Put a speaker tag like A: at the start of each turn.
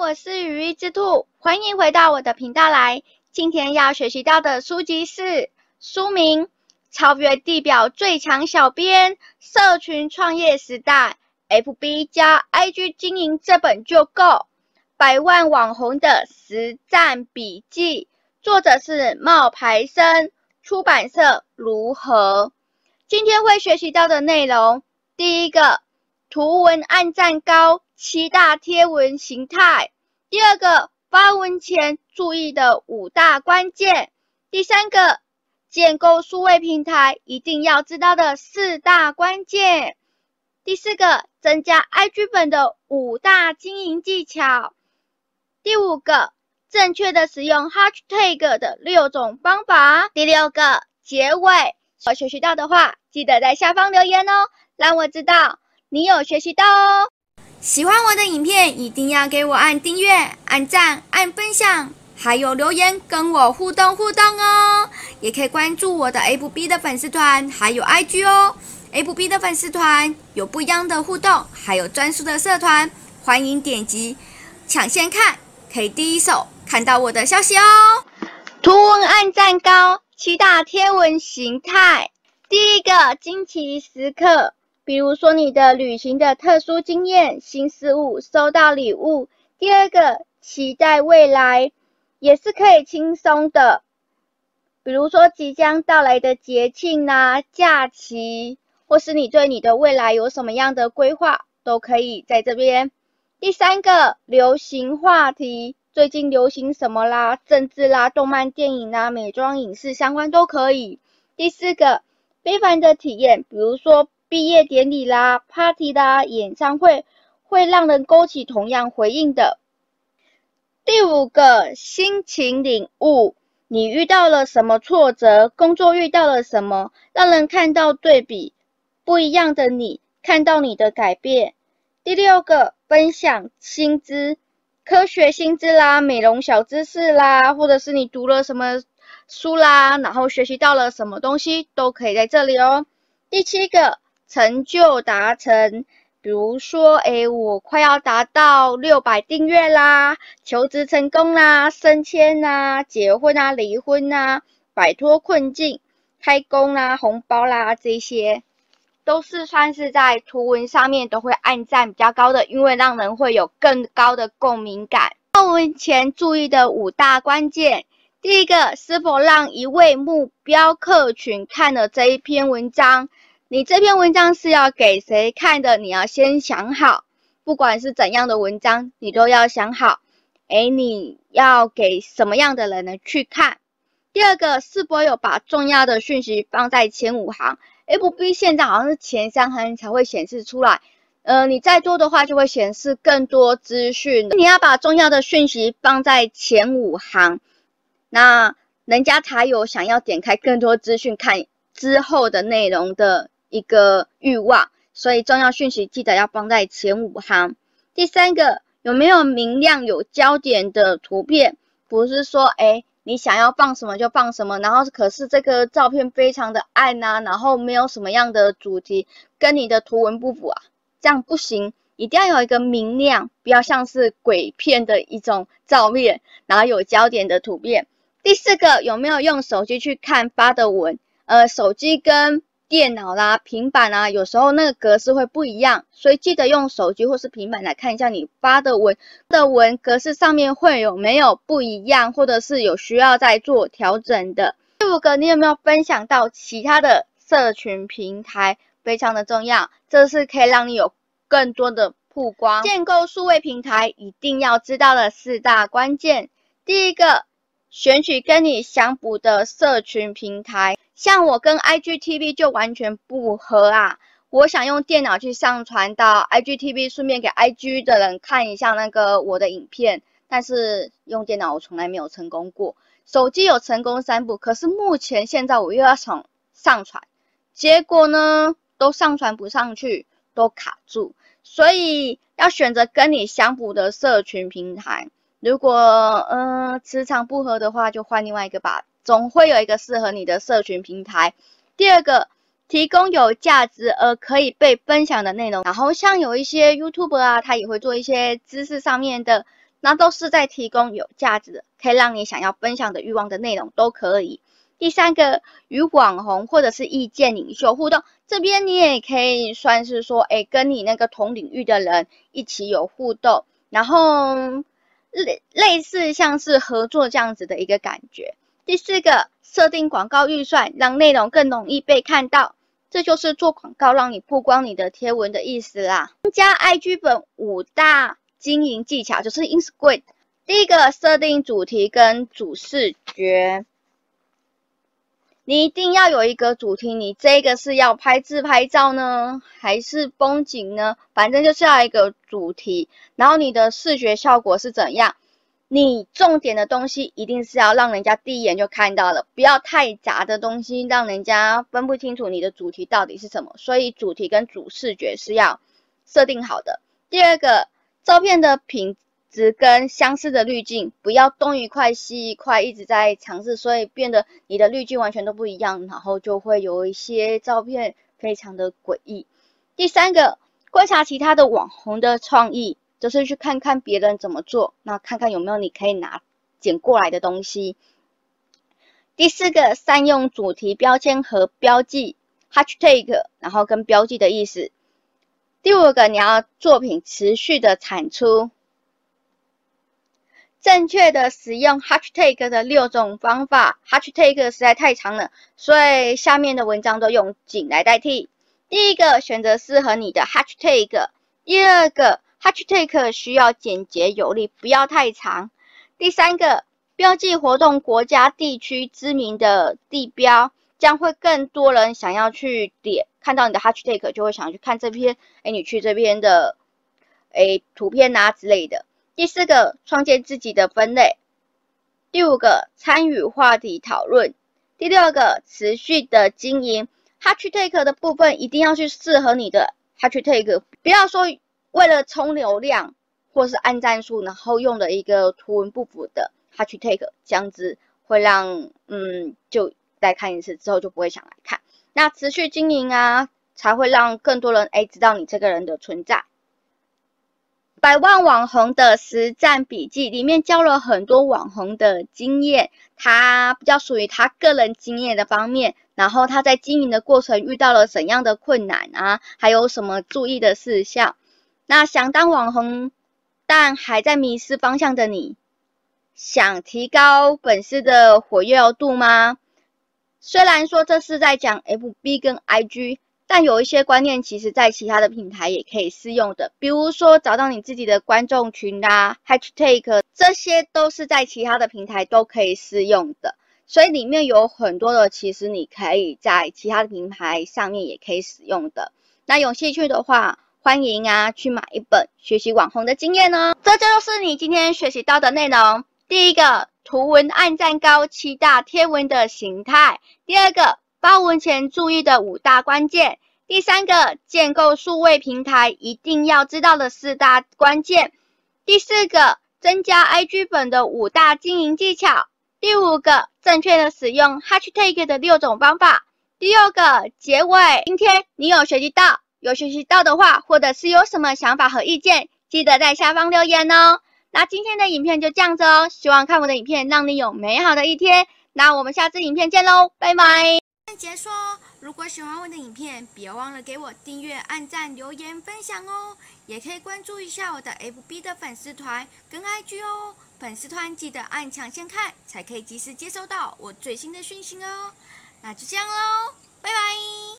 A: 我是羽翼之兔，歡迎回到我的頻道來。今天要學習到的書籍是書名《超越地表最強小編社群創業時代》，FB 加 IG 經營這本就夠，百萬網紅的實戰筆記。作者是冒牌生，出版社如何，今天會學習到的內容，第一個。圖文按讚高，七大貼文形態。第二個發文前注意的五大關鍵，第三個建構數位平台一定要知道的四大關鍵，第四個增加 IG 本的五大經營技巧，第五個正確的使用 Hashtag 的六種方法，第六個結尾。要學習到的話，記得在下方留言哦，讓我知道。你有學習到哦！喜歡我的影片，一定要給我按訂閱、按讚、按分享，還有留言跟我互動互動哦。也可以關注我的 FB 的粉絲團，還有 IG 哦。FB 的粉絲團有不一樣的互動，還有專屬的社團，歡迎點擊搶先看，可以第一手看到我的消息哦。圖文按讚高，七大天文形態，第一個驚奇時刻。比如說你的旅行的特殊經驗、新事物、收到禮物。第二個，期待未來也是可以輕鬆的，比如說即將到來的節慶啊、假期，或是你對你的未來有什麼樣的規劃，都可以在這邊。第三個，流行話題，最近流行什麼啦？政治啦、動漫電影啦、美妝影視相關都可以。第四個，非凡的體驗，比如說。畢業典禮啦，party 啦，演唱會，會讓人勾起同樣回應的。第五個心情，領悟，你遇到了什麼挫折？工作遇到了什麼？讓人看到對比，不一樣的你，看到你的改變。第六個分享新知，科學新知啦，美容小知識啦，或者是你讀了什麼書啦，然後學習到了什麼東西，都可以在這裡哦。第七個。成就達成，比如說，誒、欸、我快要達到六百訂閱啦，求職成功啦，升遷啦，結婚啊，離婚啊，擺脫困境，開工啦，啊，紅包啦，這些都是算是在圖文上面都會按讚比較高的，因為讓人會有更高的共鳴感。發文前注意的五大關鍵，第一個是否讓一位目標客群看了這一篇文章？你這篇文章是要給誰看的？你要先想好，不管是怎樣的文章，你都要想好。誒，你要給什麼樣的人呢去看？第二個，是否有把重要的訊息放在前五行。FB 現在好像是前三行才會顯示出來，呃，你再多的話就會顯示更多資訊。你要把重要的訊息放在前五行，那人家才有想要點開更多資訊看之後的內容的。一個欲望，所以重要訊息記得要放在前五行。第三個，有沒有明亮有焦點的圖片？不是說，誒，你想要放什麼就放什麼，然後可是這個照片非常的暗吶，然後沒有什麼樣的主題，跟你的圖文不符啊，這樣不行，一定要有一個明亮，不要像是鬼片的一種照片，然後有焦點的圖片。第四個，有沒有用手機去看發的文？呃，手機跟。電腦啦、平板啊，有時候那個格式會不一樣，所以記得用手機或是平板來看一下你發的文，發的文格式上面會有沒有不一樣，或者是有需要再做調整的。第五個，你有沒有分享到其他的社群平台？非常的重要，這是可以讓你有更多的曝光。建構數位平台一定要知道的四大關鍵：第一個，選取跟你相符的社群平台。像我跟 IGTV 就完全不合啊！我想用電腦去上傳到 IGTV，順便給 IG 的人看一下那個我的影片，但是用電腦我從來沒有成功過，手機有成功三部，可是目前現在我又要上上傳，結果呢都上傳不上去，都卡住，所以要選擇跟你相符的社群平台。如果嗯、呃、磁場不合的話，就換另外一個吧。總會有一個適合你的社群平台。第二個，提供有價值而可以被分享的內容。然後像有一些 YouTube 啊，他也會做一些知識上面的，那都是在提供有價值的，可以讓你想要分享的慾望的內容都可以。第三個，與網紅或者是意見領袖互動，這邊你也可以算是說，哎、欸，跟你那個同領域的人一起有互動，然後類類似像是合作這樣子的一個感覺。第四個，設定廣告預算，讓內容更容易被看到，這就是做廣告讓你曝光你的貼文的意思啦。增加 IG 本五大經營技巧，就是 insight。第一個，設定主題跟主視覺，你一定要有一個主題。你這個是要拍自拍照呢，還是風景呢？反正就是要一個主題。然後你的視覺效果是怎樣？你重點的東西一定是要讓人家第一眼就看到了，不要太雜的東西，讓人家分不清楚你的主題到底是什麼。所以主題跟主視覺是要設定好的。第二個，照片的品質跟相似的濾鏡，不要東一塊西一塊，一直在嘗試，所以變得你的濾鏡完全都不一樣，然後就會有一些照片非常的詭異。第三個，觀察其他的網紅的創意。就是去看看別人怎麼做，那看看有沒有你可以拿撿過來的東西。第四個，善用主題標籤和標記 （hashtag），然後跟標記的意思。第五個，你要作品持續的產出。正確的使用 hashtag 的六種方法，hashtag 實在太長了，所以下面的文章都用“井”來代替。第一個，選擇適合你的 hashtag。第二個。Hashtag 需要簡潔有力，不要太長。第三個，標記活動、國家、地區、知名的地標，將會更多人想要去點，看到你的 Hashtag 就會想去看這篇。誒，你去這篇的，誒圖片吶、啊、之類的。第四個，創建自己的分類。第五個，參與話題討論。第六個，持續的經營 Hashtag 的部分一定要去適合你的 Hashtag，不要說。為了衝流量，或是按讚數，然後用了一個圖文不符的 hashtag，這樣子會讓，嗯，就再看一次之後就不會想來看。那持續經營啊，才會讓更多人誒知道你這個人的存在。百萬網紅的實戰筆記裡面教了很多網紅的經驗，他比較屬於他個人經驗的方面，然後他在經營的過程遇到了怎樣的困難啊？還有什麼注意的事項？那想當網紅，但還在迷失方向的你，想提高粉絲的活躍度嗎？雖然說這是在講 FB 跟 IG，但有一些觀念其實在其他的平台也可以適用的。比如說找到你自己的觀眾群啦，Hashtag，這些都是在其他的平台都可以適用的。所以裡面有很多的，其實你可以在其他的平台上面也可以使用的。那有興趣的話，歡迎啊，去買一本學習網紅的經驗呢、哦。這就，就是你今天學習到的內容：第一個，圖文按讚高七大貼文的形態；第二個，發文前注意的五大關鍵；第三個，建構數位平台一定要知道的四大關鍵；第四個，增加 IG 本的五大經營技巧；第五個，正確的使用 Hashtag 的六種方法；第六個，結尾。今天你有學習到？有學習到的話，或者是有什麼想法和意見，記得在下方留言哦。那今天的影片就這樣子哦，希望看我的影片讓你有美好的一天。那我們下次影片見嘍，拜拜。影片結束哦，如果喜歡我的影片，別忘了給我訂閱、按讚、留言、分享哦。也可以關注一下我的 FB 的粉絲團跟 IG 哦。粉絲團記得按搶先看，才可以及時接收到我最新的訊息哦。那就這樣嘍，拜拜。